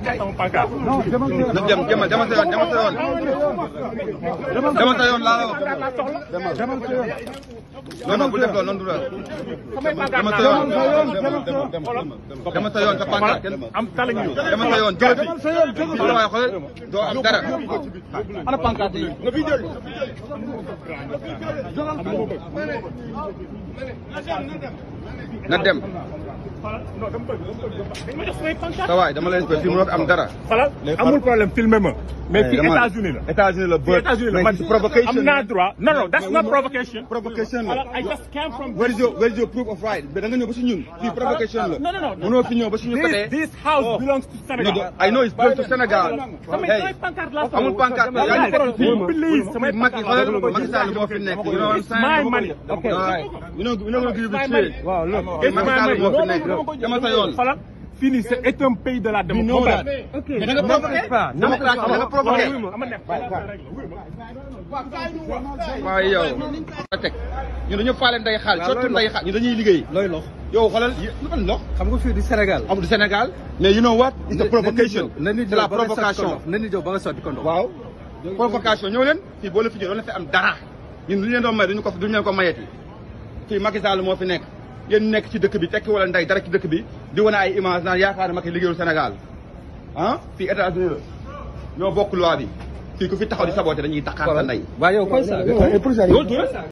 na dem demal demal sa yoon demal sa yoon demal sa yoon laa la wax non non bul def loolu noonu du la demal sa yoon demal sa yoon sa pancarte demal sa yoon jëlati xoolal waay xoolal doo am dara ana pancarte yi na dem sa waay dama leen ko fi mu am dara. amul problème filmé ma. mais eh, fii États-Unis la. États-Unis la bët man provocation am naa droit. non non that's not provocation. provocation la I just came from. where is your where is your proof of right da nga ñëw ba si ñun. fii ah, ah, provocation la. non ah, non non mënoo fi ñëw ba si ñu côté. this house oh. belongs to Sénégal. I know it belongs to Sénégal. hey oh, amul pancarte la yaa ngi fekk fii ma Macky Macky Sall moo fi nekk. you know what I'm saying. my money ok you know you know gonna give you the shit. waaw loolu Macky Sall moo fi nekk dama sa yoon. fini c'est un pays de la démocratie. Mais pas. xolal lu lox. Xam nga fii di Sénégal. Am du Sénégal. Mais you know what? It's a provocation. C'est la provocation. Nañu jow ba nga sotti kondo. Waaw. Provocation ñëw leen. Fii boo la fi jël la fi am dara. Ñun lu leen doon may duñu ko duñu leen ko mayati. Fii Macky Sall fi nekk. nekk ci dëkk bi tekki wala nday dara ci dëkk bi. di wane ay image naan yaakaar Macky liggéeyul Sénégal ah fii États-Unis la ñoo bokk loi bi fii ku fi taxaw di saboté dañuy taxaar sa ndey. waaw yow